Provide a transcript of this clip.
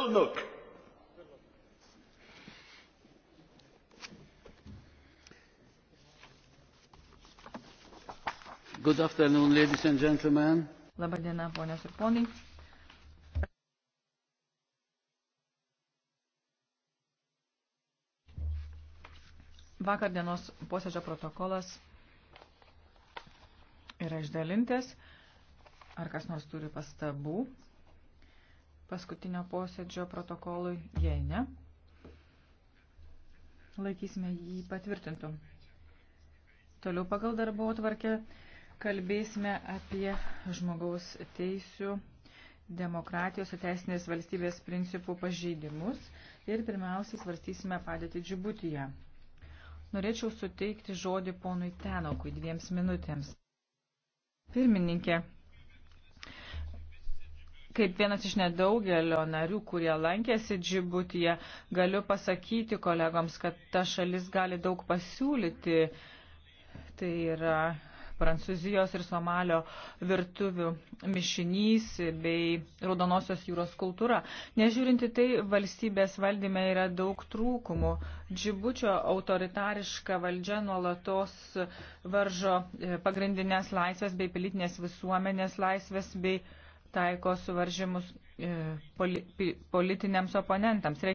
eunuch. Good afternoon, ladies and gentlemen. Labadiena, ponios ir ponai. Vakar dienos posėdžio protokolas yra išdalintas. Ar kas nors turi pastabų? paskutinio posėdžio protokolui, jei ne. Laikysime jį patvirtintų. Toliau pagal darbo atvarkę kalbėsime apie žmogaus teisių, demokratijos ir teisinės valstybės principų pažeidimus ir pirmiausiai svarstysime padėti Džibutyje. Norėčiau suteikti žodį ponui Tenokui dviems minutėms. Pirmininkė, kaip vienas iš nedaugelio narių, kurie lankėsi Džibutyje, galiu pasakyti kolegoms, kad ta šalis gali daug pasiūlyti. Tai yra Prancūzijos ir Somalio virtuvių mišinys bei Raudonosios jūros kultūra. Nežiūrinti tai, valstybės valdyme yra daug trūkumų. Džibučio autoritariška valdžia nuolatos varžo e, pagrindinės laisvės bei pilitinės visuomenės laisvės bei uh, taiko suvaržymus e, politiniams oponentams.